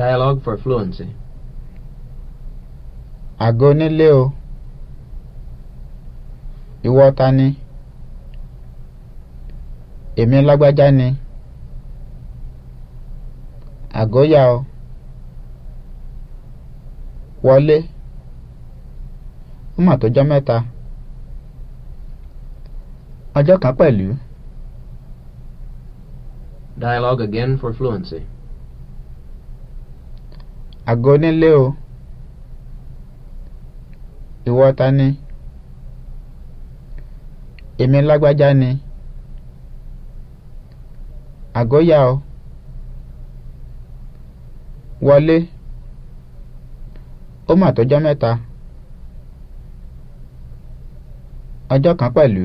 Dialogue for fluency. Àgọ́ nílé o. Ìwọ ta ni? Èmi lágbájá ni. Àgọ́ yá o. Wọlé. Ó mà tó jọ́ mẹ́ta. Ọjọ́ kan pẹ̀lú. Dialogue again for fluency àgọ́ onílé o ìwọ ta ni èmi lágbájá ni àgọ́ yá o wọlé ó mà tọjọ́ mẹ́ta ọjọ́ kan pẹ̀lú.